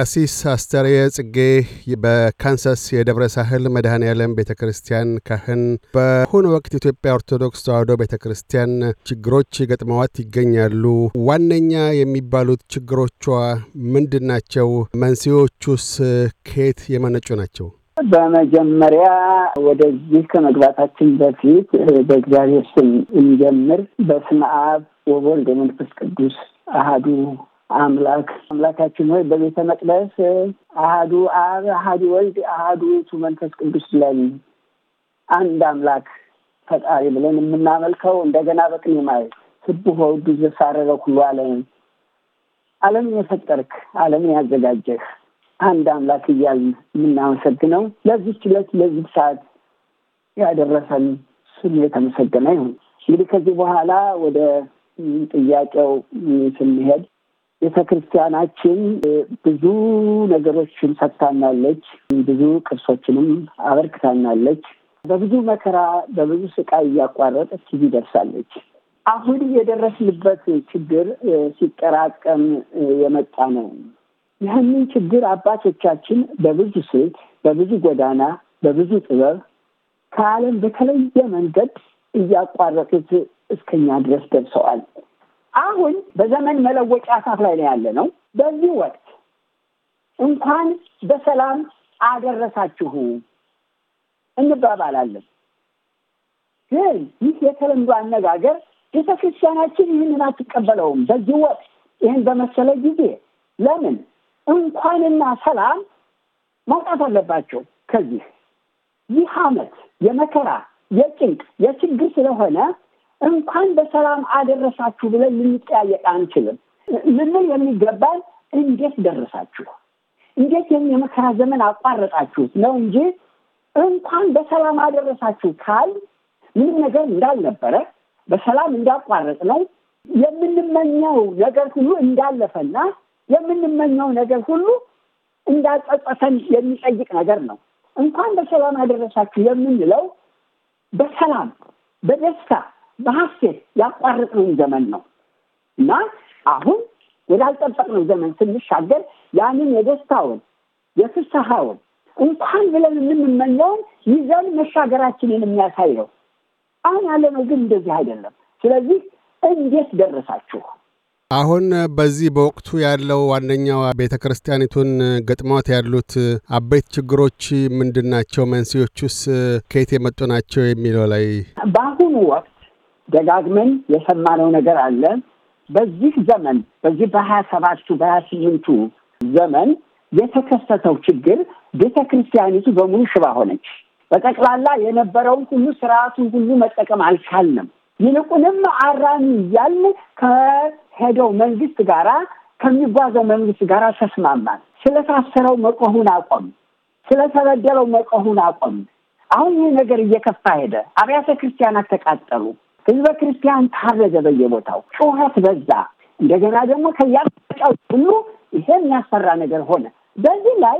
ቀሲስ አስተርየ ጽጌ በካንሳስ የደብረ ሳህል መድኃኔ ዓለም ቤተ ክርስቲያን ካህን፣ በአሁኑ ወቅት ኢትዮጵያ ኦርቶዶክስ ተዋሕዶ ቤተ ክርስቲያን ችግሮች ገጥመዋት ይገኛሉ። ዋነኛ የሚባሉት ችግሮቿ ምንድን ናቸው? መንስኤዎቹስ ከየት የመነጩ ናቸው? በመጀመሪያ ወደዚህ ከመግባታችን በፊት በእግዚአብሔር ስም እንጀምር። በስመ አብ ወወልድ ወመንፈስ ቅዱስ አሃዱ አምላክ አምላካችን ሆይ በቤተ መቅደስ አህዱ አብ አህዱ ወልድ አህዱ ቱ መንፈስ ቅዱስ ለን አንድ አምላክ ፈጣሪ ብለን የምናመልከው እንደገና በቅኔ ማለት ስብሖ ውእቱ ዘሳረረ ሁሉ ዓለም ዓለምን የፈጠርክ ዓለምን ያዘጋጀህ አንድ አምላክ እያል የምናመሰግነው ለዚህ ችለት ለዚህ ሰዓት ያደረሰን ስም የተመሰገነ ይሁን። እንግዲህ ከዚህ በኋላ ወደ ጥያቄው ስንሄድ ቤተ ክርስቲያናችን ብዙ ነገሮችን ሰጥታናለች፣ ብዙ ቅርሶችንም አበርክታናለች። በብዙ መከራ በብዙ ስቃይ እያቋረጠች እዚህ ደርሳለች። አሁን የደረስንበት ችግር ሲጠራቀም የመጣ ነው። ይህንን ችግር አባቶቻችን በብዙ ስልት፣ በብዙ ጎዳና፣ በብዙ ጥበብ ከዓለም በተለየ መንገድ እያቋረጡት እስከኛ ድረስ ደርሰዋል። አሁን በዘመን መለወጫ አሳፍ ላይ ነው ያለ ነው። በዚህ ወቅት እንኳን በሰላም አደረሳችሁ እንባባላለን። ግን ይህ የተለምዶ አነጋገር ቤተክርስቲያናችን ይህንን አትቀበለውም። በዚህ ወቅት ይህን በመሰለ ጊዜ ለምን እንኳንና ሰላም ማውጣት አለባቸው። ከዚህ ይህ አመት የመከራ የጭንቅ የችግር ስለሆነ እንኳን በሰላም አደረሳችሁ ብለን ልንጠያየቅ አንችልም። ልንል የሚገባል እንዴት ደረሳችሁ፣ እንዴት የመከራ ዘመን አቋረጣችሁት ነው እንጂ እንኳን በሰላም አደረሳችሁ ካል ምንም ነገር እንዳልነበረ በሰላም እንዳቋረጥ ነው የምንመኘው ነገር ሁሉ እንዳለፈና የምንመኘው ነገር ሁሉ እንዳጸጸተን የሚጠይቅ ነገር ነው። እንኳን በሰላም አደረሳችሁ የምንለው በሰላም በደስታ በሀሴት ያቋረጥነውን ዘመን ነው እና አሁን ወዳልጠበቅነው ዘመን ስንሻገር ያንን የደስታውን የፍስሐውን እንኳን ብለን የምንመኘውን ይዘን መሻገራችንን የሚያሳይ ነው። አሁን ያለነው ግን እንደዚህ አይደለም። ስለዚህ እንዴት ደረሳችሁ? አሁን በዚህ በወቅቱ ያለው ዋነኛው ቤተ ክርስቲያኒቱን ገጥሟት ያሉት አበይት ችግሮች ምንድን ናቸው? መንስኤዎቹስ ከየት የመጡ ናቸው? የሚለው ላይ በአሁኑ ወቅት ደጋግመን የሰማነው ነገር አለ። በዚህ ዘመን በዚህ በሀያ ሰባቱ በሀያ ስምንቱ ዘመን የተከሰተው ችግር ቤተ ክርስቲያኒቱ በሙሉ ሽባ ሆነች። በጠቅላላ የነበረውን ሁሉ ስርዓቱን ሁሉ መጠቀም አልቻልንም። ይልቁንም አራሚ እያል ከሄደው መንግስት ጋራ ከሚጓዘው መንግስት ጋር ተስማማን። ስለታሰረው መቆሁን አቆም፣ ስለተበደለው መቆሁን አቆም። አሁን ይህ ነገር እየከፋ ሄደ። አብያተ ክርስቲያናት ተቃጠሉ። ህዝበ ክርስቲያን ታረዘ፣ በየቦታው ጩኸት በዛ። እንደገና ደግሞ ከያጫው ሁሉ ይሄ የሚያስፈራ ነገር ሆነ። በዚህ ላይ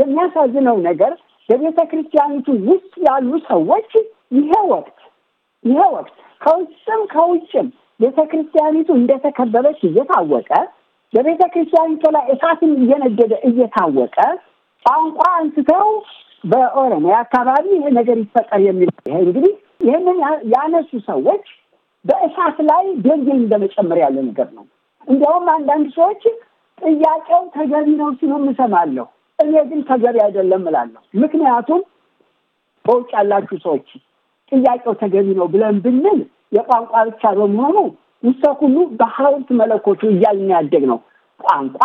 የሚያሳዝነው ነገር በቤተ ክርስቲያኒቱ ውስጥ ያሉ ሰዎች ይሄ ወቅት ይሄ ወቅት ከውጭም ከውጭም ቤተ ክርስቲያኒቱ እንደተከበበች እየታወቀ በቤተ ክርስቲያኒቱ ላይ እሳትም እየነደደ እየታወቀ ቋንቋ አንስተው በኦሮሚያ አካባቢ ይሄ ነገር ይፈጠር የሚል ይሄ እንግዲህ ይህንን ያነሱ ሰዎች በእሳት ላይ ቤንዚን እንደመጨመር ያለ ነገር ነው። እንዲያውም አንዳንድ ሰዎች ጥያቄው ተገቢ ነው ሲሉ እሰማለሁ። እኔ ግን ተገቢ አይደለም እላለሁ። ምክንያቱም በውጭ ያላችሁ ሰዎች ጥያቄው ተገቢ ነው ብለን ብንል የቋንቋ ብቻ በመሆኑ ውስጠ ሁሉ በሀውልት መለኮቹ እያልን ያደግ ነው። ቋንቋ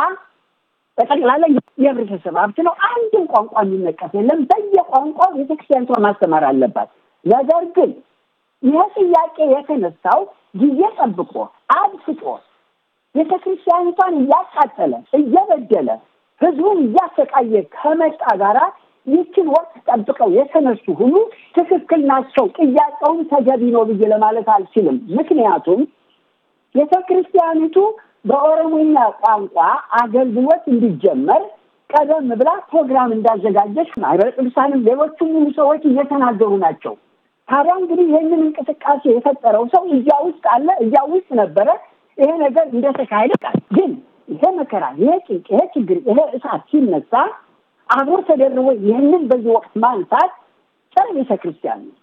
በጠቅላላ የህብረተሰብ ሀብት ነው። አንድም ቋንቋ የሚነቀፍ የለም። በየቋንቋው ቤተክርስቲያን ማስተማር አለባት። ነገር ግን ይህ ጥያቄ የተነሳው ጊዜ ጠብቆ አድፍጦ ቤተ ክርስቲያኒቷን እያቃጠለ እየበደለ ህዝቡን እያሰቃየ ከመጣ ጋራ ይችን ወቅት ጠብቀው የተነሱ ሁሉ ትክክል ናቸው። ጥያቄውም ተገቢ ነው ብዬ ለማለት አልችልም። ምክንያቱም ቤተ ክርስቲያኒቱ በኦሮሞኛ ቋንቋ አገልግሎት እንዲጀመር ቀደም ብላ ፕሮግራም እንዳዘጋጀች ማህበረ ቅዱሳንም ሌሎቹም ሙሉ ሰዎች እየተናገሩ ናቸው። ታዲያ እንግዲህ ይህንን እንቅስቃሴ የፈጠረው ሰው እዚያ ውስጥ አለ፣ እዚያ ውስጥ ነበረ። ይሄ ነገር እንደተካሄደ ቃል ግን ይሄ መከራ፣ ይሄ ጭንቅ፣ ይሄ ችግር፣ ይሄ እሳት ሲነሳ አብሮ ተደርቦ ይህንን በዚህ ወቅት ማንሳት ጸረ ቤተ ክርስቲያን ነው፣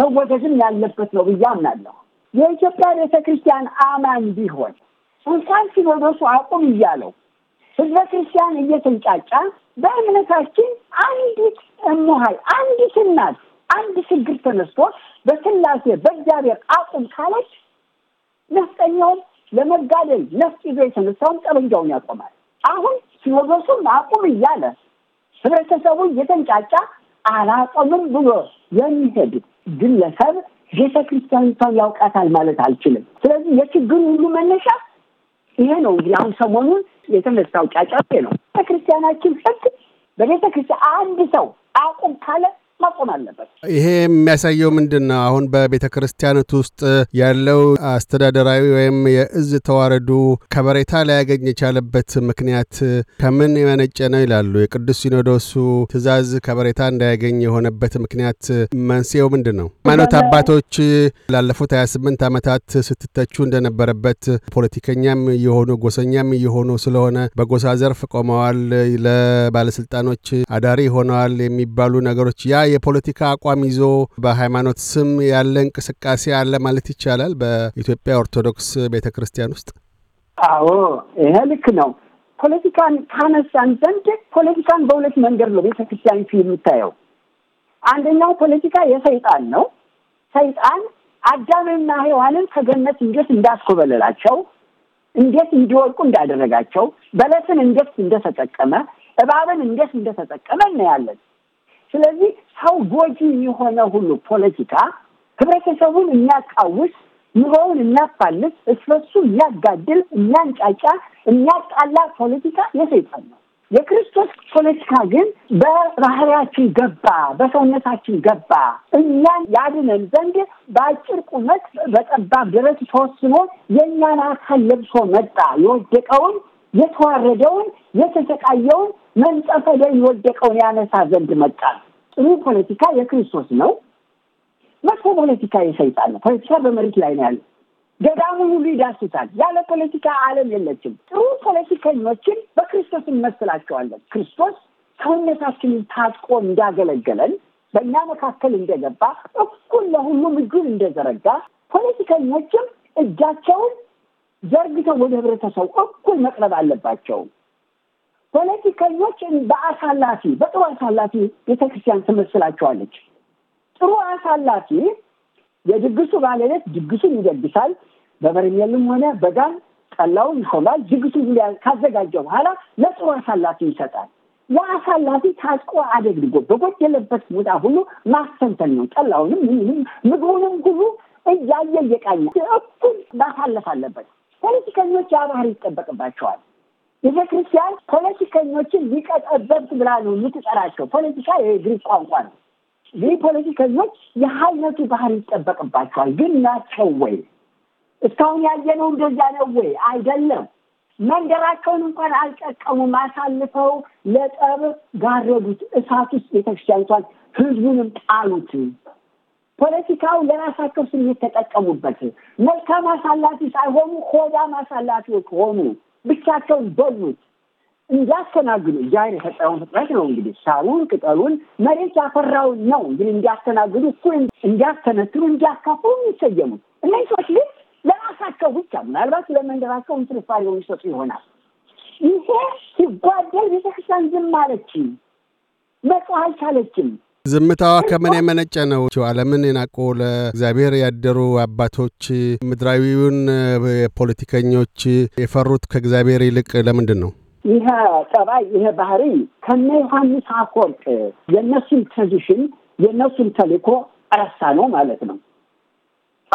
መወገዝም ያለበት ነው ብዬ አምናለሁ። የኢትዮጵያ ቤተ ክርስቲያን አማን ቢሆን እንኳን ሲኖዶሱ አቁም እያለው ህዝበ ክርስቲያን እየተንጫጫ በእምነታችን አንዲት እሙሃይ አንዲት እናት አንድ ችግር ተነስቶ በስላሴ በእግዚአብሔር አቁም ካለች ነፍጠኛውም ለመጋደል ነፍጥ ይዞ የተነሳውን ጠበንጃውን ያቆማል። አሁን ሲኖዶሱም አቁም እያለ ህብረተሰቡ እየተንጫጫ አላቆምም ብሎ የሚሄድ ግለሰብ ቤተ ክርስቲያኒቷን ያውቃታል ማለት አልችልም። ስለዚህ የችግሩ ሁሉ መነሻ ይሄ ነው። እንግዲህ አሁን ሰሞኑን የተነሳው ጫጫ ነው። ቤተክርስቲያናችን ህግ በቤተክርስቲያን አንድ ሰው አቁም ካለ ማቆም አለበት። ይሄ የሚያሳየው ምንድን ነው? አሁን በቤተ ክርስቲያነት ውስጥ ያለው አስተዳደራዊ ወይም የእዝ ተዋረዱ ከበሬታ ላያገኝ የቻለበት ምክንያት ከምን የመነጨ ነው ይላሉ። የቅዱስ ሲኖዶሱ ትዕዛዝ ከበሬታ እንዳያገኝ የሆነበት ምክንያት መንስኤው ምንድን ነው? ሃይማኖት አባቶች ላለፉት 28 ዓመታት ስትተቹ እንደነበረበት ፖለቲከኛም የሆኑ ጎሰኛም የሆኑ ስለሆነ በጎሳ ዘርፍ ቆመዋል፣ ለባለስልጣኖች አዳሪ ሆነዋል የሚባሉ ነገሮች ያ የፖለቲካ አቋም ይዞ በሃይማኖት ስም ያለ እንቅስቃሴ አለ ማለት ይቻላል በኢትዮጵያ ኦርቶዶክስ ቤተ ክርስቲያን ውስጥ? አዎ ይሄ ልክ ነው። ፖለቲካን ካነሳን ዘንድ ፖለቲካን በሁለት መንገድ ነው ቤተ ፊ የምታየው። አንደኛው ፖለቲካ የሰይጣን ነው። ሰይጣን አዳምና ሔዋንን ከገነት እንዴት እንዳስኮበለላቸው፣ እንዴት እንዲወድቁ እንዳደረጋቸው፣ በለስን እንዴት እንደተጠቀመ፣ እባብን እንዴት እንደተጠቀመ እናያለን። ስለዚህ ሰው ጎጂ የሆነ ሁሉ ፖለቲካ ህብረተሰቡን የሚያቃውስ ኑሮውን የሚያፋልስ እስበሱ የሚያጋድል፣ የሚያንጫጫ፣ የሚያጣላ ፖለቲካ የሰይጣን ነው። የክርስቶስ ፖለቲካ ግን በባህሪያችን ገባ፣ በሰውነታችን ገባ። እኛን ያድነን ዘንድ በአጭር ቁመት በጠባብ ደረት ተወስኖ የእኛን አካል ለብሶ መጣ። የወደቀውን፣ የተዋረደውን፣ የተሰቃየውን መንጸፈ ላይ የወደቀውን ያነሳ ዘንድ መጣ። ጥሩ ፖለቲካ የክርስቶስ ነው። መጥፎ ፖለቲካ የሰይጣን ነው። ፖለቲካ በመሬት ላይ ነው ያለ፣ ገዳሙን ሁሉ ይዳስታል። ያለ ፖለቲካ ዓለም የለችም። ጥሩ ፖለቲከኞችን በክርስቶስ እንመስላቸዋለን። ክርስቶስ ሰውነታችንን ታጥቆ እንዳገለገለን፣ በእኛ መካከል እንደገባ፣ እኩል ለሁሉም እጁን እንደዘረጋ ፖለቲከኞችም እጃቸውን ዘርግተው ወደ ህብረተሰቡ እኩል መቅረብ አለባቸው። ፖለቲከኞችን በአሳላፊ በጥሩ አሳላፊ ቤተክርስቲያን ትመስላቸዋለች። ጥሩ አሳላፊ የድግሱ ባለቤት ድግሱን ይደግሳል። በበርሜልም ሆነ በጋን ጠላውን ይሾማል። ድግሱ ካዘጋጀ በኋላ ለጥሩ አሳላፊ ይሰጣል። የአሳላፊ ታጥቆ አደግድጎ በጎደለበት ቦታ ሁሉ ማስተንተን ነው። ጠላውንም ምንም ምግቡንም ሁሉ እያየ እየቃኘ እኩል ማሳለፍ አለበት። ፖለቲከኞች ያ ባህሪ ይጠበቅባቸዋል። ቤተ ክርስቲያን ፖለቲከኞችን ሊቀጠበብት ብላ ነው የምትጠራቸው። ፖለቲካ የግሪክ ቋንቋ ነው። ይህ ፖለቲከኞች የሀይነቱ ባህር ይጠበቅባቸዋል። ግን ናቸው ወይ? እስካሁን ያየነው እንደዚያ ነው ወይ? አይደለም። መንደራቸውን እንኳን አልጠቀሙም። አሳልፈው ለጠብ ጋረዱት። እሳት ውስጥ ቤተክርስቲያኒቷን፣ ህዝቡንም ጣሉት። ፖለቲካው ለራሳቸው ስሜት ተጠቀሙበት። መልካም አሳላፊ ሳይሆኑ ሆዳም አሳላፊዎች ሆኑ። ብቻቸውን በሉት እንዲያስተናግዱ እግዚአብሔር የፈጠረውን ፍጥረት ነው እንግዲህ ሳሩን ቅጠሉን መሬት ያፈራውን ነው እንግዲህ እንዲያስተናግዱ እሱ እንዲያስተነትሩ እንዲያካፉ የሚሰየሙት እነዚህ ሰዎች ግን ለራሳቸው ብቻ ምናልባት ለመንደራቸው ትርፋሪ የሚሰጡ ይሆናል ይሄ ሲጓደል ቤተክርስቲያን ዝም አለች መጽ አልቻለችም ዝምታዋ ከምን የመነጨ ነው? ዓለምን የናቁ ለእግዚአብሔር ያደሩ አባቶች ምድራዊውን የፖለቲከኞች የፈሩት ከእግዚአብሔር ይልቅ ለምንድን ነው? ይህ ጠባይ ይሄ ባህሪ ከነ ዮሐንስ አፈወርቅ የእነሱን ትራዲሽን የእነሱን ተልእኮ ረሳ ነው ማለት ነው።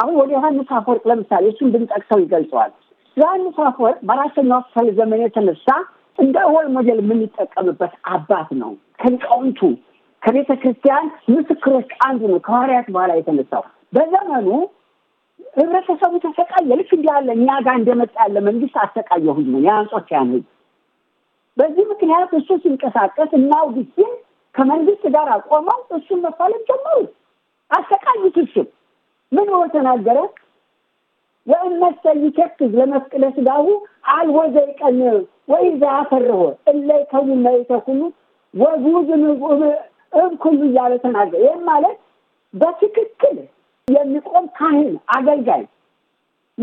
አሁን ወደ ዮሐንስ አፈወርቅ ለምሳሌ እሱን ብንጠቅሰው ይገልጸዋል። ዮሐንስ አፈወርቅ በአራተኛው ክፍለ ዘመን የተነሳ እንደ ሮል ሞዴል የምንጠቀምበት አባት ነው። ከሊቃውንቱ ከቤተ ክርስቲያን ምስክሮች አንዱ ነው፣ ከሐዋርያት በኋላ የተነሳው። በዘመኑ ህብረተሰቡ ተሰቃየ። ልክ እንዲህ ያለ እኛ ጋር እንደመጣ ያለ መንግስት አሰቃየ ሁሉ የአንጾኪያን ህዝብ። በዚህ ምክንያት እሱ ሲንቀሳቀስ እና አውግስቲን ከመንግስት ጋር አቆመው እሱን መፋለም ጀመሩ። አሰቃዩት። እሱም ምን ብሎ ተናገረ? ወእመሰ ይተክዝ ለመፍቅደ ስጋሁ አልወዘ ይቀንብ ወኢዛ አፈርሆ እለይከሙ መይተ ኩሉ ወጉዝ እኩሉ እያለ ተናገረ። ይህም ማለት በትክክል የሚቆም ካህን አገልጋይ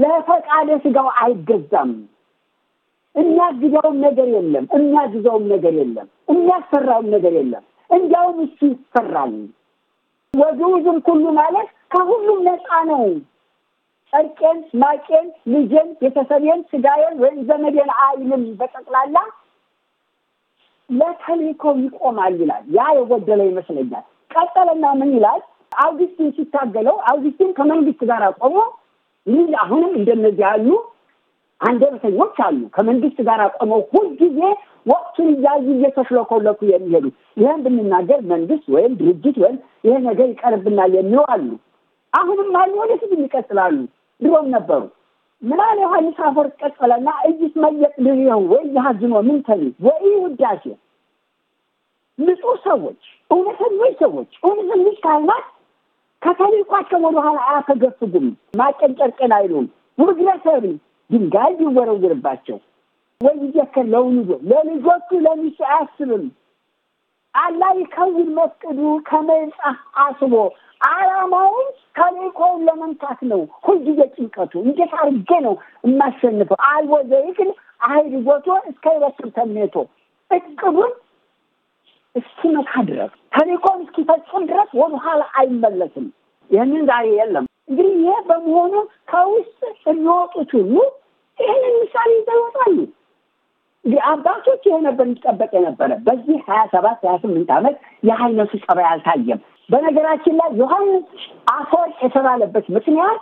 ለፈቃደ ስጋው አይገዛም። እሚያግዘውም ነገር የለም፣ እሚያግዘውም ነገር የለም፣ የሚያሰራውም ነገር የለም። እንዲያውም እሱ ይሰራል። ወግዑዝም ኩሉ ማለት ከሁሉም ነፃ ነው። ጨርቄን፣ ማቄን፣ ልጄን፣ ቤተሰቤን፣ ስጋዬን ወይም ዘመዴን አይልም። በጠቅላላ ለተልእኮ ይቆማል ይላል። ያ የጎደለ ይመስለኛል። ቀጠለና ምን ይላል? አውግስቲን ሲታገለው አውግስቲን ከመንግስት ጋር ቆሞ ይህ አሁንም እንደነዚህ ያሉ አንደበተኞች አሉ። ከመንግስት ጋር ቆመው ሁልጊዜ ወቅቱን እያዩ እየተሽለኮለኩ የሚሄዱ ይህን ብንናገር መንግስት ወይም ድርጅት ወይም ይሄ ነገር ይቀርብናል የሚሉ አሉ። አሁንም አሉ፣ ወደፊት ይቀጥላሉ። ድሮም ነበሩ። ምናን ዮሐንስ አፈወርቅ ወይ ኢይትመየጥ ምን ተኒ ወይ ውዳሴ ንጹህ ሰዎች፣ እውነተኞች ሰዎች፣ እውነተኞች ካህናት ወደ ኋላ አያፈገፍጉም፣ ማቀንጨርቀን አይሉም። ውግረሰብ ድንጋይ ቢወረውርባቸው ወይ ይዘከር ለውልዶ ለልጆቹ ለሚሱ አያስብም። አላ ይከውን መፍቅዱ ከመይጻ አስቦ አላማውን ተልእኮውን ለመምታት ነው። ሁልጊዜ ጭንቀቱ እንዴት አድርጌ ነው የማሸንፈው? አልወዘይ ግን አይድ ጎቶ እስከ ይበስር ተሜቶ እቅዱን እስኪመካ ድረስ ተልእኮውን እስኪፈጽም ድረስ ወደኋላ አይመለስም። ይህንን ዛሬ የለም። እንግዲህ ይሄ በመሆኑ ከውስጥ የሚወጡት ሁሉ ይህንን ምሳሌ ይዘወጣሉ። አባቶች ይሄ ነበር የሚጠበቅ የነበረ። በዚህ ሀያ ሰባት ሀያ ስምንት ዓመት የሀይነቱ ጸባይ አልታየም። በነገራችን ላይ ዮሐንስ አፈወርቅ የተባለበት ምክንያት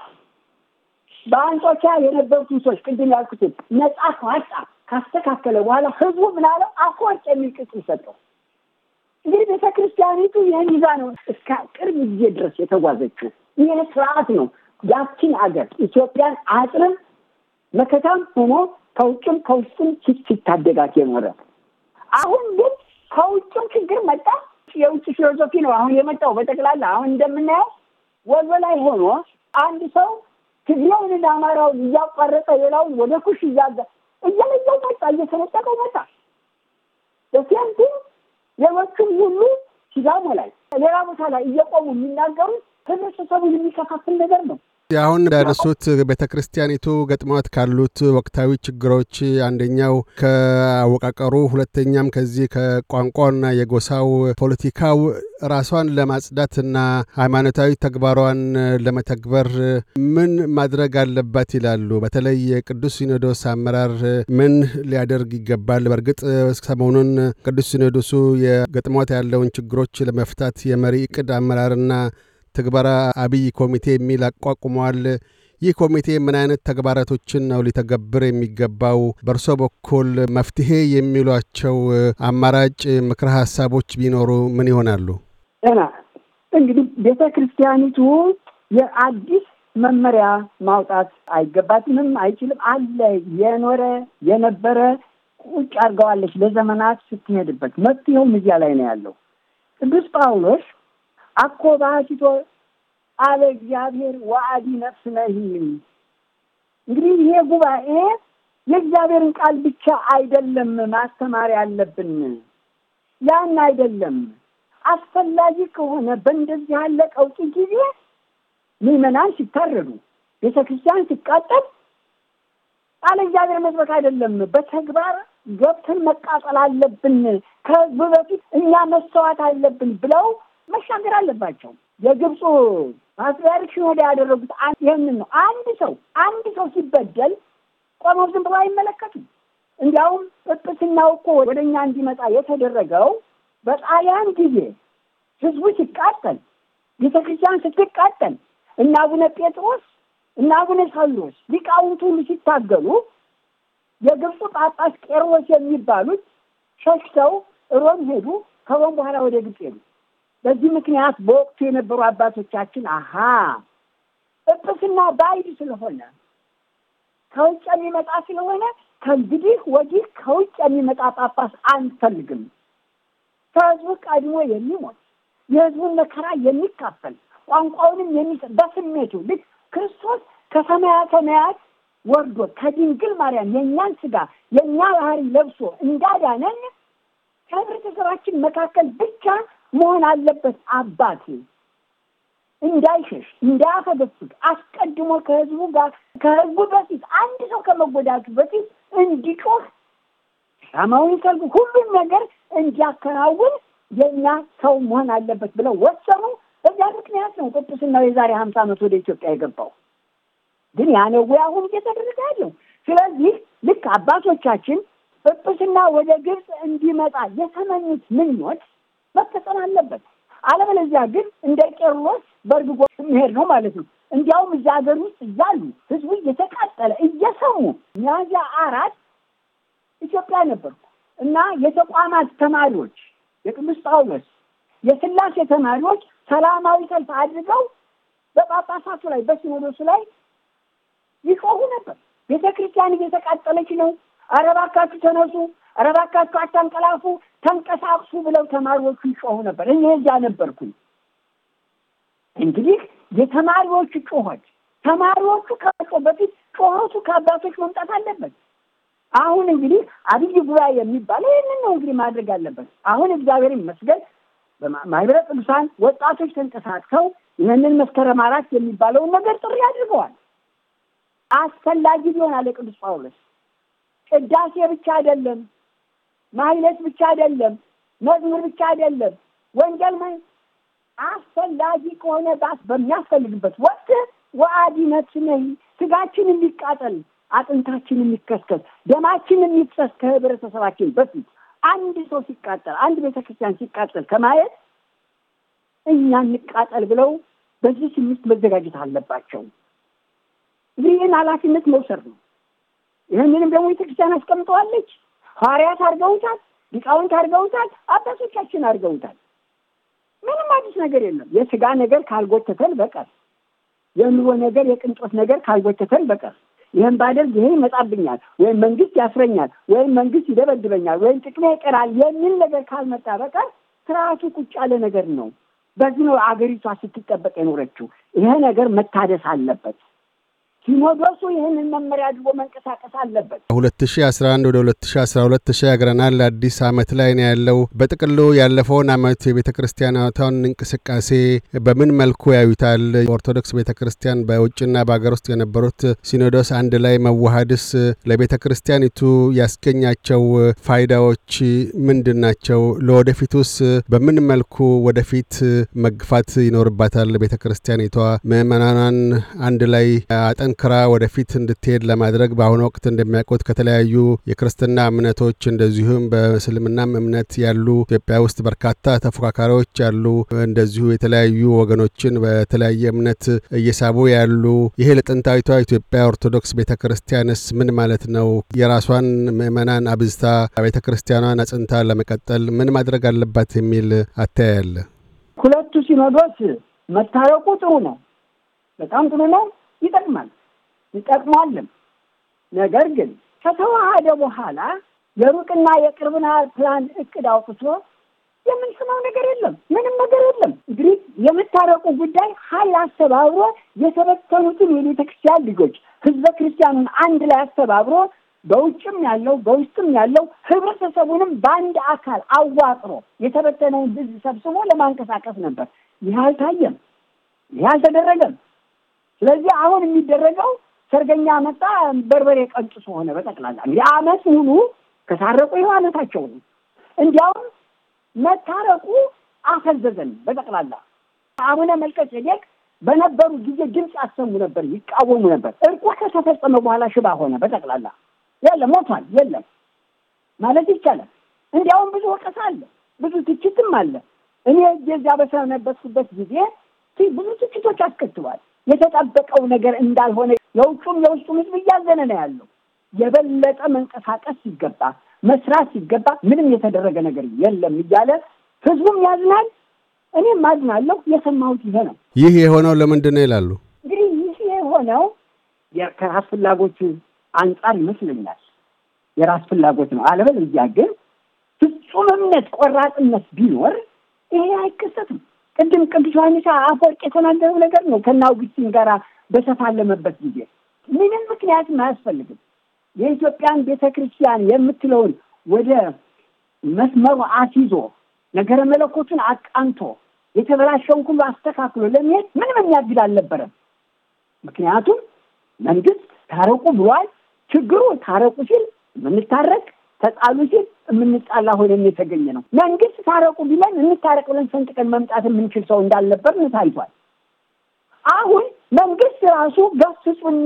በአንጦኪያ የነበሩትን ሰዎች ቅድም ያልኩትን ነጻ ከዋጣ ካስተካከለ በኋላ ህዝቡ ምናለው አፈወርቅ የሚል ቅጽል ሰጠው። እንግዲህ ቤተ ክርስቲያኒቱ ይህን ይዛ ነው እስከ ቅርብ ጊዜ ድረስ የተጓዘችው። ይህ ስርዓት ነው ያችን አገር ኢትዮጵያን አጥርም መከታም ሆኖ ከውጭም ከውስጥም ሲታደጋት የኖረ አሁን ግን ከውጭም ችግር መጣ የውጭ ፊሎሶፊ ነው አሁን የመጣው በጠቅላላ አሁን እንደምናየው ወግ በላይ ሆኖ አንድ ሰው ትግሬውንና አማራውን እያቋረጠ ሌላውን ወደ ኩሽ እያዘ እየለየው መጣ፣ እየሰነጠቀው መጣ። በሴንቱ ሌሎቹም ሁሉ ሲዳሞ ላይ ሌላ ቦታ ላይ እየቆሙ የሚናገሩት ህብረተሰቡን የሚከፋፍል ነገር ነው። አሁን እንዳነሱት ቤተ ክርስቲያኒቱ ገጥሟት ካሉት ወቅታዊ ችግሮች አንደኛው ከአወቃቀሩ፣ ሁለተኛም ከዚህ ከቋንቋና የጎሳው ፖለቲካው ራሷን ለማጽዳት እና ሃይማኖታዊ ተግባሯን ለመተግበር ምን ማድረግ አለባት ይላሉ? በተለይ የቅዱስ ሲኖዶስ አመራር ምን ሊያደርግ ይገባል? በእርግጥ ሰሞኑን ቅዱስ ሲኖዶሱ የገጥሟት ያለውን ችግሮች ለመፍታት የመሪ እቅድ አመራርና ትግበራ አብይ ኮሚቴ የሚል አቋቁመዋል። ይህ ኮሚቴ ምን አይነት ተግባራቶችን ነው ሊተገብር የሚገባው? በእርሶ በኩል መፍትሄ የሚሏቸው አማራጭ ምክረ ሀሳቦች ቢኖሩ ምን ይሆናሉ? ና እንግዲህ ቤተ ክርስቲያኒቱ የአዲስ መመሪያ ማውጣት አይገባትምም፣ አይችልም። አለ የኖረ የነበረ ቁጭ አድርገዋለች ለዘመናት ስትሄድበት። መፍትሄውም እዚያ ላይ ነው ያለው። ቅዱስ ጳውሎስ አኮ ባህቲቶ አለ እግዚአብሔር ወአዲ ነፍስ ነህ። እንግዲህ ይሄ ጉባኤ የእግዚአብሔርን ቃል ብቻ አይደለም ማስተማር ያለብን። ያን አይደለም አስፈላጊ ከሆነ በእንደዚህ ያለ ቀውጢ ጊዜ ምዕመናን ሲታረዱ፣ ቤተ ክርስቲያን ሲቃጠል ቃለ እግዚአብሔር መስበክ አይደለም፣ በተግባር ገብተን መቃጠል አለብን። ከህዝብ በፊት እኛ መስተዋት አለብን ብለው መሻገር አለባቸው። የግብፁ ፓትሪያርክ ሽሆዳ ያደረጉት ይህንን ነው። አንድ ሰው አንድ ሰው ሲበደል ቆመው ዝም ብሎ አይመለከቱም። እንዲያውም ጵጵስናው እኮ ወደ እኛ እንዲመጣ የተደረገው በጣሊያን ጊዜ ህዝቡ ሲቃጠል፣ ቤተክርስቲያን ስትቃጠል እና አቡነ ጴጥሮስ እና አቡነ ሳዊሮስ ሊቃውንቱ ሁሉ ሲታገሉ የግብፁ ጳጳስ ቄርሎስ የሚባሉት ሸሽተው ሮም ሄዱ። ከሮም በኋላ ወደ ግብፅ ሄዱ። በዚህ ምክንያት በወቅቱ የነበሩ አባቶቻችን አሀ ጵጵስና ባይድ ስለሆነ ከውጭ የሚመጣ ስለሆነ ከእንግዲህ ወዲህ ከውጭ የሚመጣ ጳጳስ አንፈልግም። ከህዝቡ ቀድሞ የሚሞት የህዝቡን መከራ የሚካፈል ቋንቋውንም የሚሰ በስሜቱ ልክ ክርስቶስ ከሰማያ ሰማያት ወርዶ ከድንግል ማርያም የእኛን ስጋ የእኛ ባህሪ ለብሶ እንዳዳነን ከህብረተሰባችን መካከል ብቻ መሆን አለበት። አባቴ እንዳይሸሽ እንዳያፈገፍግ አስቀድሞ ከህዝቡ ጋር ከህዝቡ በፊት አንድ ሰው ከመጎዳቱ በፊት እንዲጮህ ሻማውን ሰልጉ ሁሉም ነገር እንዲያከናውን የእኛ ሰው መሆን አለበት ብለው ወሰኑ። በዚያ ምክንያት ነው ቅዱስናው የዛሬ ሀምሳ ዓመት ወደ ኢትዮጵያ የገባው። ግን ያ ወይ አሁን እየተደረገ ያለው? ስለዚህ ልክ አባቶቻችን ቅዱስና ወደ ግብፅ እንዲመጣ የተመኙት ምኞት መፈጸም አለበት። አለበለዚያ ግን እንደ ቄርሎስ በእርግጎ መሄድ ነው ማለት ነው። እንዲያውም እዚ ሀገር ውስጥ እያሉ ህዝቡ እየተቃጠለ እየሰሙ ሚያዝያ አራት ኢትዮጵያ ነበርኩ እና የተቋማት ተማሪዎች የቅዱስ ጳውሎስ የስላሴ ተማሪዎች ሰላማዊ ሰልፍ አድርገው በጳጳሳቱ ላይ በሲኖዶሱ ላይ ይቆሁ ነበር። ቤተ ክርስቲያን እየተቃጠለች ነው፣ አረባካችሁ ተነሱ፣ አረባካችሁ አታንቀላፉ፣ ተንቀሳቅሱ ብለው ተማሪዎቹ ይጮሁ ነበር። እኔ እዚያ ነበርኩኝ። እንግዲህ የተማሪዎቹ ጩኸት ተማሪዎቹ ከጮ በፊት ጩኸቱ ከአባቶች መምጣት አለበት። አሁን እንግዲህ አብይ ጉባኤ የሚባለው ይህንን ነው እንግዲህ ማድረግ አለበት። አሁን እግዚአብሔር ይመስገን ማህበረ ቅዱሳን ወጣቶች ተንቀሳቅሰው ይህንን መስከረም አራት የሚባለውን ነገር ጥሪ አድርገዋል። አስፈላጊ ቢሆን አለ ቅዱስ ጳውሎስ ቅዳሴ ብቻ አይደለም ማህሌት ብቻ አይደለም፣ መዝሙር ብቻ አይደለም። ወንጌል አስፈላጊ ከሆነ በሚያስፈልግበት ወቅት ወአዲነት ነኝ ስጋችን የሚቃጠል አጥንታችን የሚከስከስ ደማችን የሚፈስ ከህብረተሰባችን በፊት አንድ ሰው ሲቃጠል፣ አንድ ቤተ ክርስቲያን ሲቃጠል ከማየት እኛ እንቃጠል ብለው በዚህ ስምስት መዘጋጀት አለባቸው። እንግዲህ ይህን ኃላፊነት መውሰድ ነው። ይህንንም ደግሞ ቤተክርስቲያን አስቀምጠዋለች። ሐዋርያት አድርገውታል፣ ሊቃውንት አድርገውታል፣ አባቶቻችን አድርገውታል። ምንም አዲስ ነገር የለም። የስጋ ነገር ካልጎተተን በቀር የኑሮ ነገር የቅንጦት ነገር ካልጎተተን በቀር ይህን ባደርግ ይሄ ይመጣብኛል፣ ወይም መንግስት ያስረኛል፣ ወይም መንግስት ይደበድበኛል፣ ወይም ጥቅሜ ይቀራል የሚል ነገር ካልመጣ በቀር ስርዓቱ ቁጭ ያለ ነገር ነው። በዚህ ነው አገሪቷ ስትጠበቅ የኖረችው። ይሄ ነገር መታደስ አለበት። ሲኖዶሱ ይህንን መመሪያ አድርጎ መንቀሳቀስ አለበት። ሁለት ሺ አስራ አንድ ወደ ሁለት ሺ አስራ ሁለት ተሻግረናል። አዲስ አመት ላይ ነው ያለው። በጥቅሉ ያለፈውን አመት የቤተ ክርስቲያናቷን እንቅስቃሴ በምን መልኩ ያዩታል? ኦርቶዶክስ ቤተ ክርስቲያን በውጭና በሀገር ውስጥ የነበሩት ሲኖዶስ አንድ ላይ መዋሀድስ ለቤተ ክርስቲያኒቱ ያስገኛቸው ፋይዳዎች ምንድን ናቸው? ለወደፊቱስ በምን መልኩ ወደፊት መግፋት ይኖርባታል? ቤተ ክርስቲያኒቷ ምእመናኗን አንድ ላይ አጠን ጠንክራ ወደፊት እንድትሄድ ለማድረግ በአሁኑ ወቅት እንደሚያውቁት ከተለያዩ የክርስትና እምነቶች እንደዚሁም በእስልምናም እምነት ያሉ ኢትዮጵያ ውስጥ በርካታ ተፎካካሪዎች ያሉ እንደዚሁ የተለያዩ ወገኖችን በተለያየ እምነት እየሳቡ ያሉ ይሄ ለጥንታዊቷ ኢትዮጵያ ኦርቶዶክስ ቤተ ክርስቲያንስ ምን ማለት ነው? የራሷን ምእመናን አብዝታ ቤተ ክርስቲያኗን አጽንታ ለመቀጠል ምን ማድረግ አለባት የሚል አተያያለ ሁለቱ ሲኖዶስ መታረቁ ጥሩ ነው፣ በጣም ጥሩ ነው፣ ይጠቅማል። ይጠቅማልም። ነገር ግን ከተዋሃደ በኋላ የሩቅና የቅርብና ፕላን እቅድ አውጥቶ የምንስማው ነገር የለም። ምንም ነገር የለም። እንግዲህ የምታረቁ ጉዳይ ኃይል አስተባብሮ የተበተኑትን የቤተ ክርስቲያን ልጆች ህዝበ ክርስቲያኑን አንድ ላይ አስተባብሮ በውጭም ያለው በውስጥም ያለው ህብረተሰቡንም በአንድ አካል አዋቅሮ የተበተነውን ብዝ ሰብስቦ ለማንቀሳቀስ ነበር። ይህ አልታየም። ይህ አልተደረገም። ስለዚህ አሁን የሚደረገው ሰርገኛ መጣ፣ በርበሬ ቀንጥሶ ሆነ። በጠቅላላ እንግዲህ አመት ሙሉ ከታረቁ ይኸው አመታቸው ነው። እንዲያውም መታረቁ አፈዘዘን በጠቅላላ። አቡነ መልከ ጼዴቅ በነበሩ ጊዜ ድምፅ ያሰሙ ነበር፣ ይቃወሙ ነበር። እርቁ ከተፈጸመ በኋላ ሽባ ሆነ በጠቅላላ። የለም ሞቷል፣ የለም ማለት ይቻላል። እንዲያውም ብዙ ወቀሳ አለ፣ ብዙ ትችትም አለ። እኔ የዚያ በሰነበትኩበት ጊዜ ብዙ ትችቶች አስከትሏል። የተጠበቀው ነገር እንዳልሆነ የውጩም የውስጡም ህዝብ እያዘነ ነው ያለው። የበለጠ መንቀሳቀስ ሲገባ መስራት ሲገባ ምንም የተደረገ ነገር የለም እያለ ህዝቡም ያዝናል፣ እኔም አዝናለሁ። የሰማሁት ይሄ ነው። ይህ የሆነው ለምንድን ነው ይላሉ። እንግዲህ ይህ የሆነው ከራስ ፍላጎቱ አንጻር ይመስለኛል። የራስ ፍላጎት ነው። አለበለዚያ ግን እምነት ቆራጥነት ቢኖር ይሄ አይከሰትም። ቅድም ቅዱስ ዮሐንስ አፈወርቅ የተናገረው ነገር ነው። ከእነ አውግስቲን ጋር በተፋለመበት ጊዜ ምንም ምክንያትም አያስፈልግም። የኢትዮጵያን ቤተ ክርስቲያን የምትለውን ወደ መስመሩ አስይዞ ነገረ መለኮቱን አቃንቶ የተበላሸውን ሁሉ አስተካክሎ ለመሄድ ምንም የሚያግድ አልነበረም። ምክንያቱም መንግስት ታረቁ ብሏል። ችግሩ ታረቁ ሲል የምንታረቅ ተጣሉ ሲል የምንጣላ ሆነን የተገኘ ነው። መንግስት ታረቁ ቢለን እንታረቅ ብለን ሰንጥቀን መምጣት የምንችል ሰው እንዳልነበርን ታይቷል። አሁን መንግስት ራሱ ገስጹን፣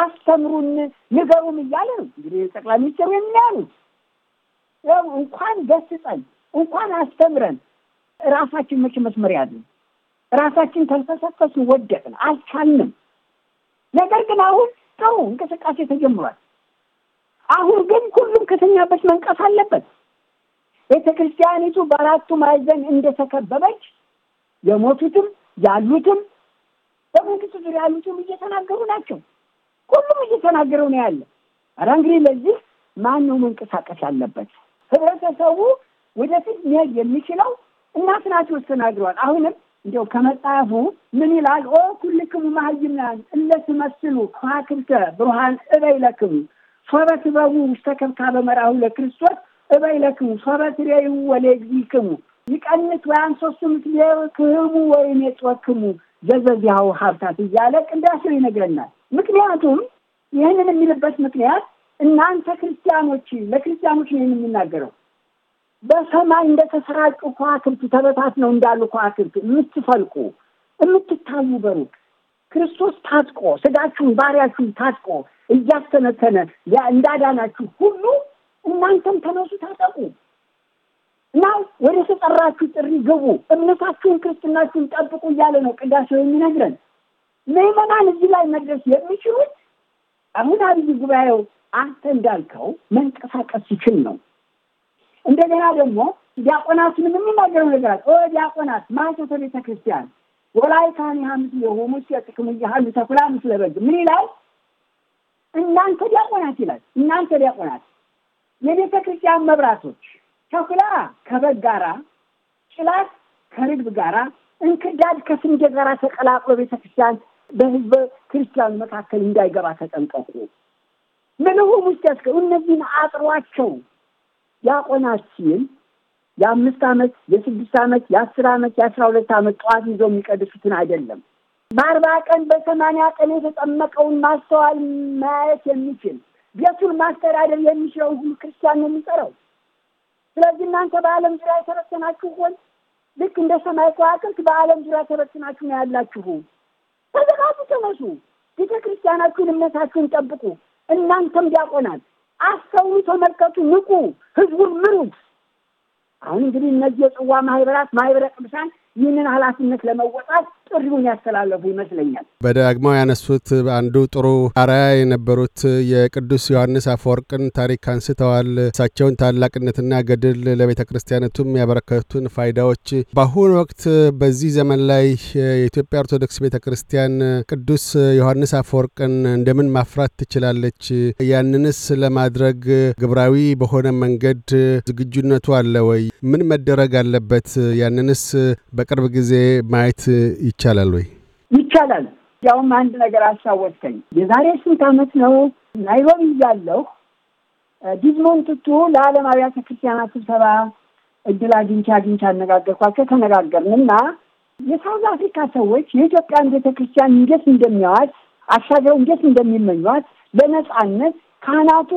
አስተምሩን፣ ንገሩን እያለ ነው። እንግዲህ ጠቅላይ ሚኒስትሩ የሚያሉት እንኳን ገስጸን እንኳን አስተምረን ራሳችን መቼ መስመር ያለን ራሳችን ተንፈሰፈስን፣ ወደቅን፣ አልቻልንም። ነገር ግን አሁን ጥሩ እንቅስቃሴ ተጀምሯል። አሁን ግን ሁሉም ከተኛበት መንቀፍ አለበት። ቤተ ክርስቲያኒቱ በአራቱ ማዕዘን እንደተከበበች የሞቱትም ያሉትም በመንግስት ዙሪያ ያሉትም እየተናገሩ ናቸው። ሁሉም እየተናገረው ነው ያለ። ኧረ እንግዲህ ለዚህ ማን ነው መንቀሳቀስ ያለበት? ህብረተሰቡ ወደፊት መሄድ የሚችለው እናት ናቸው ተናግረዋል። አሁንም እንዲያው ከመጽሐፉ ምን ይላል? ኦ ኩልክሙ መሃይምናን እለ ትመስሉ ከዋክብተ ብርሃን እበይለክም ሶበ ትበቡ ውስተ ከብካ በመርአዊ ለክርስቶስ እበይለክሙ ለክሙ ሶበ ትሬዩ ወለእግዚእክሙ ይቀንስ ወያንሶሱ ምስሌ ክህሙ ወይም የጽወክሙ ዘዘዚያው ሀብታት እያለ ቅዳሴው ይነግረናል። ምክንያቱም ይህንን የሚልበት ምክንያት እናንተ ክርስቲያኖች ለክርስቲያኖች ነው የምናገረው በሰማይ እንደተሰራጩ ከዋክብት ተበታት ነው እንዳሉ ከዋክብት የምትፈልቁ የምትታዩ በሩቅ ክርስቶስ ታጥቆ ስጋችሁን ባሪያችሁን ታጥቆ እያስተነተነ እንዳዳናችሁ ሁሉ እናንተም ተነሱ ታጠቁ እና ወደ ተጠራችሁ ጥሪ ግቡ፣ እምነታችሁን ክርስትናችሁን ጠብቁ እያለ ነው ቅዳሴው የሚነግረን። ምዕመናን እዚህ ላይ መድረስ የሚችሉት አሁን አብይ ጉባኤው አንተ እንዳልከው መንቀሳቀስ ሲችል ነው። እንደገና ደግሞ ዲያቆናቱንም የሚናገሩ ነገራል። ኦ ዲያቆናት ማኅተተ ቤተክርስቲያን ወላይ ወላይታኒ ሀምስ የሆሙስ ጥቅም እያሉ ተኩላ ምስለበግ ምን ይላል? እናንተ ዲያቆናት ይላል። እናንተ ዲያቆናት የቤተ ክርስቲያን መብራቶች፣ ተኩላ ከበግ ጋራ፣ ጭላት ከርግብ ጋራ፣ እንክዳድ ከስንዴ ጋራ ተቀላቅሎ ቤተ ክርስቲያን በህዝበ ክርስቲያኑ መካከል እንዳይገባ ተጠንቀቁ። ምንሁ ውስጥ ያስገቡ እነዚህን አጥሯቸው ዲያቆናት ሲል የአምስት ዓመት የስድስት ዓመት የአስር ዓመት የአስራ ሁለት ዓመት ጠዋት ይዘው የሚቀድሱትን አይደለም። በአርባ ቀን በሰማንያ ቀን የተጠመቀውን ማስተዋል ማየት የሚችል ቤቱን ማስተዳደር የሚችለው ሁሉ ክርስቲያን ነው የሚጠራው። ስለዚህ እናንተ በዓለም ዙሪያ የተበተናችሁ ሆን ልክ እንደ ሰማይ ከዋክብት በዓለም ዙሪያ ተበትናችሁ ነው ያላችሁ። ተዘጋጁ፣ ተነሱ፣ ቤተ ክርስቲያናችሁን እምነታችሁን ጠብቁ። እናንተም ዲያቆናት አስተውሉ፣ ተመልከቱ፣ ንቁ፣ ህዝቡን ምሩት። አሁን እንግዲህ እነዚህ የጽዋ ማህበራት ማህበረ ቅዱሳን ይህንን ኃላፊነት ለመወጣት ጥሪውን ያስተላለፉ ይመስለኛል። በዳግማው ያነሱት አንዱ ጥሩ አርያ የነበሩት የቅዱስ ዮሐንስ አፈወርቅን ታሪክ አንስተዋል። እሳቸውን ታላቅነትና ገድል ለቤተ ክርስቲያነቱም ያበረከቱን ፋይዳዎች በአሁኑ ወቅት በዚህ ዘመን ላይ የኢትዮጵያ ኦርቶዶክስ ቤተ ክርስቲያን ቅዱስ ዮሐንስ አፈወርቅን እንደምን ማፍራት ትችላለች? ያንንስ ለማድረግ ግብራዊ በሆነ መንገድ ዝግጁነቱ አለ ወይ? ምን መደረግ አለበት? ያንንስ በቅርብ ጊዜ ማየት ይቻላል ወይ? ይቻላል። ያውም አንድ ነገር አሳወቅከኝ። የዛሬ ስንት ዓመት ነው ናይሮቢ እያለሁ ዲዝሞን ቱቱ ለዓለም አብያተ ክርስቲያናት ስብሰባ እድል አግኝቼ አግኝቼ አነጋገርኳቸው። ተነጋገርን እና የሳውዝ አፍሪካ ሰዎች የኢትዮጵያን ቤተ ክርስቲያን እንዴት እንደሚያዋት አሻገው እንዴት እንደሚመኟት ለነጻነት ካህናቱ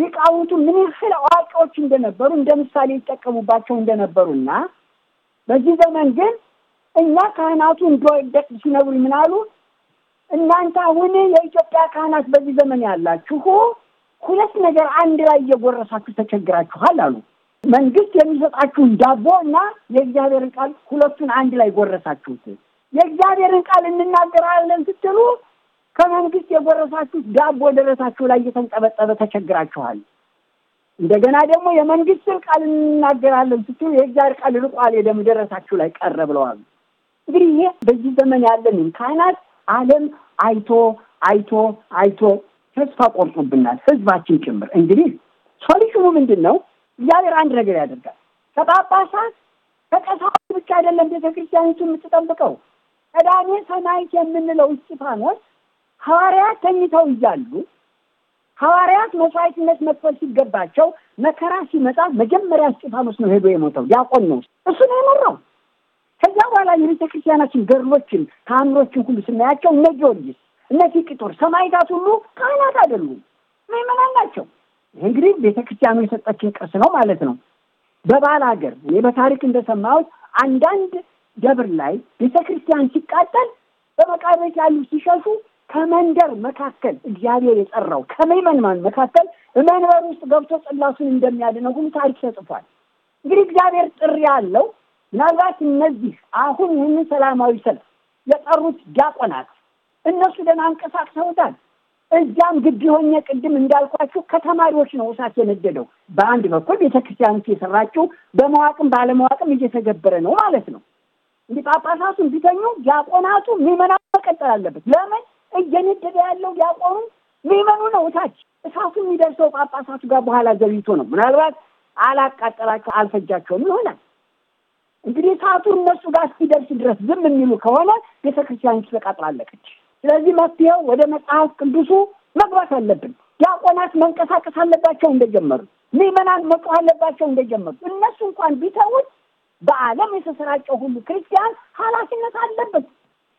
ሊቃውንቱ ምን ያህል አዋቂዎች እንደነበሩ እንደ ምሳሌ ይጠቀሙባቸው እንደነበሩና በዚህ ዘመን ግን እኛ ካህናቱ እንደወደቅ ሲነግሩ ምናሉ እናንተ አሁን የኢትዮጵያ ካህናት በዚህ ዘመን ያላችሁ ሁለት ነገር አንድ ላይ እየጎረሳችሁ ተቸግራችኋል አሉ። መንግስት የሚሰጣችሁን ዳቦ እና የእግዚአብሔርን ቃል ሁለቱን አንድ ላይ ጎረሳችሁት። የእግዚአብሔርን ቃል እንናገራለን ስትሉ ከመንግስት የጎረሳችሁት ዳቦ ደረሳችሁ ላይ እየተንጠበጠበ ተቸግራችኋል። እንደገና ደግሞ የመንግስትን ቃል እንናገራለን ስትሉ የእግዚአብሔር ቃል ልቋል የደም ላይ ቀረ ብለዋል። እንግዲህ ይሄ በዚህ ዘመን ያለንን ካህናት ዓለም አይቶ አይቶ አይቶ ተስፋ ቆርጦብናል፣ ህዝባችን ጭምር። እንግዲህ ሶሉሽኑ ምንድን ነው? እግዚአብሔር አንድ ነገር ያደርጋል። ከጳጳሳት ከቀሳውስት ብቻ አይደለም ቤተ ክርስቲያኒቱ የምትጠብቀው። ቀዳሜ ሰማዕት የምንለው እስጢፋኖስ ሐዋርያት ተኝተው እያሉ ሐዋርያት መስዋዕትነት መክፈል ሲገባቸው መከራ ሲመጣ መጀመሪያ እስጢፋኖስ ነው ሄዶ የሞተው። ዲያቆን ነው፣ እሱ ነው የመራው። ከዚያ በኋላ የቤተ ክርስቲያናችን ገድሎችን ተአምሮችን ሁሉ ስናያቸው እነ ጊዮርጊስ እነ ፊቅጦር ሰማዕታት ሁሉ ካህናት አይደሉም፣ ምዕመናን ናቸው። ይህ እንግዲህ ቤተ ክርስቲያኑ የሰጠችን ቅርስ ነው ማለት ነው። በባል ሀገር እኔ በታሪክ እንደሰማሁት አንዳንድ ደብር ላይ ቤተ ክርስቲያን ሲቃጠል በመቃብር ያሉ ሲሸሹ ከመንደር መካከል እግዚአብሔር የጠራው ከምዕመናን መካከል መንበር ውስጥ ገብቶ ጽላቱን እንደሚያድነው ታሪክ ተጽፏል። እንግዲህ እግዚአብሔር ጥሪ ያለው ምናልባት እነዚህ አሁን ይህንን ሰላማዊ ሰልፍ የጠሩት ዲያቆናት እነሱ ደህና አንቀሳቅሰውታል። እዚያም ግቢ ሆኜ ቅድም እንዳልኳችሁ ከተማሪዎች ነው እሳት የነደደው። በአንድ በኩል ቤተክርስቲያን የሰራችው በመዋቅም ባለመዋቅም እየተገበረ ነው ማለት ነው። እንዲህ ጳጳሳቱን ቢተኙ ዲያቆናቱ ምዕመናን መቀጠል አለበት። ለምን እየነደደ ያለው ዲያቆኑ ምዕመኑ ነው። እታች እሳቱ የሚደርሰው ጳጳሳቱ ጋር በኋላ ዘግይቶ ነው። ምናልባት አላቃጠላቸው አልፈጃቸውም ይሆናል። እንግዲህ እሳቱ እነሱ ጋር እስኪደርስ ድረስ ዝም የሚሉ ከሆነ ቤተ ክርስቲያኒቱ ተቃጥላ ስለዚህ መፍትሄው ወደ መጽሐፍ ቅዱሱ መግባት አለብን። ዲያቆናት መንቀሳቀስ አለባቸው እንደጀመሩ፣ ምዕመናን መጮህ አለባቸው እንደጀመሩ። እነሱ እንኳን ቢተውት በዓለም የተሰራጨው ሁሉ ክርስቲያን ኃላፊነት አለበት።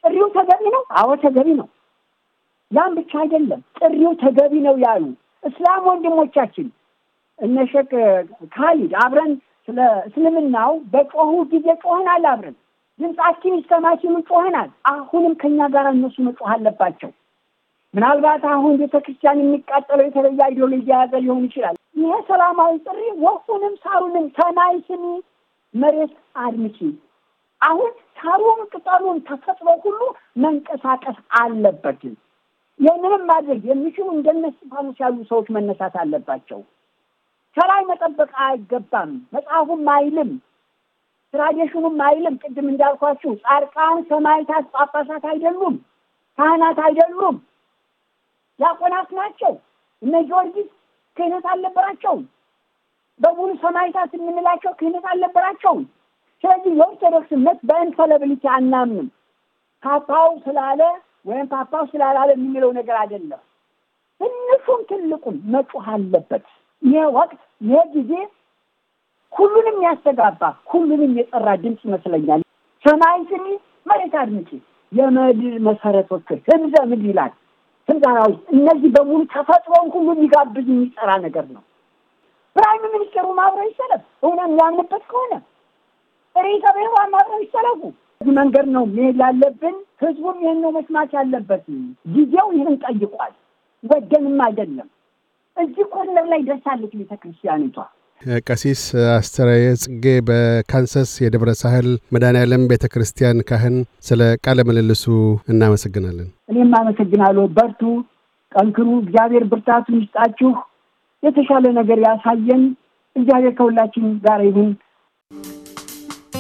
ጥሪው ተገቢ ነው። አዎ ተገቢ ነው። ያም ብቻ አይደለም፣ ጥሪው ተገቢ ነው ያሉ እስላም ወንድሞቻችን እነ ካሊድ አብረን ስለ እስልምናው በጮሁ ጊዜ ጮህናል። አብረን ድምፃችን ይሰማችን ጮህናል። አሁንም ከኛ ጋር እነሱ መጮህ አለባቸው። ምናልባት አሁን ቤተክርስቲያን የሚቃጠለው የተለየ አይዲዮሎጂ የያዘ ሊሆን ይችላል። ይሄ ሰላማዊ ጥሪ ወፉንም ሳሩንም ሰማይ ስሚ፣ መሬት አድምጪ። አሁን ሳሩም ቅጠሉን ተፈጥሮ ሁሉ መንቀሳቀስ አለበትም። ይህንንም ማድረግ የሚችሉ እንደነሱ ያሉ ሰዎች መነሳት አለባቸው። ከላይ መጠበቅ አይገባም። መጽሐፉም አይልም፣ ትራዲሽኑም አይልም። ቅድም እንዳልኳችሁ ጻድቃን፣ ሰማዕታት፣ ጳጳሳት አይደሉም፣ ካህናት አይደሉም፣ ዲያቆናት ናቸው። እነ ጊዮርጊስ ክህነት አልነበራቸውም። በሙሉ ሰማዕታት የምንላቸው ክህነት አልነበራቸውም። ስለዚህ የኦርቶዶክስ እምነት በእንፈለብሊቲ አናምንም። ካፓው ስላለ ወይም ፓፓው ስላላለ የሚለው ነገር አይደለም። ትንሹም ትልቁም መጮህ አለበት። ይህ ወቅት ይህ ጊዜ ሁሉንም ያስተጋባ ሁሉንም የጠራ ድምፅ ይመስለኛል። ሰማይ ስሚ፣ መሬት አድምጪ፣ የምድር መሰረቶች ህምዘ ምድር ይላል። ህምዛራዊ እነዚህ በሙሉ ተፈጥሮን ሁሉ የሚጋብዝ የሚጠራ ነገር ነው። ፕራይም ሚኒስትሩ አብረው ይሰለፍ፣ እውነት የሚያምንበት ከሆነ ርዕሰ ብሔሩ አብረው ይሰለፉ። በዚህ መንገድ ነው መሄድ ያለብን። ህዝቡም ይህን ነው መስማት ያለበት። ጊዜው ይህን ጠይቋል። ወደንም አይደለም እዚህ ኮርነር ላይ ደርሳለች ቤተ ክርስቲያኒቷ። ቀሲስ አስተራየ ጽጌ በካንሰስ የደብረ ሳህል መድኃኔዓለም ቤተ ክርስቲያን ካህን፣ ስለ ቃለ ምልልሱ እናመሰግናለን። እኔም አመሰግናለሁ። በርቱ፣ ጠንክሩ። እግዚአብሔር ብርታቱን ይስጣችሁ። የተሻለ ነገር ያሳየን። እግዚአብሔር ከሁላችን ጋር ይሁን።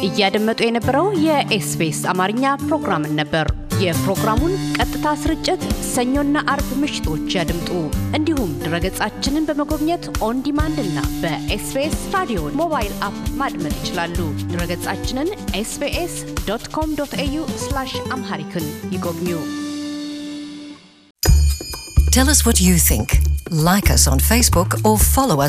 እያደመጡ የነበረው የኤስቢኤስ አማርኛ ፕሮግራምን ነበር። የፕሮግራሙን ቀጥታ ስርጭት ሰኞና አርብ ምሽቶች ያድምጡ። እንዲሁም ድረገጻችንን በመጎብኘት ኦን ዲማንድ እና በኤስቢኤስ ራዲዮ ሞባይል አፕ ማድመጥ ይችላሉ። ድረገጻችንን ኤስቢኤስ ዶት ኮም ዶት ኤዩ አምሃሪክን ይጎብኙ። Tell us what you think. Like us on Facebook or follow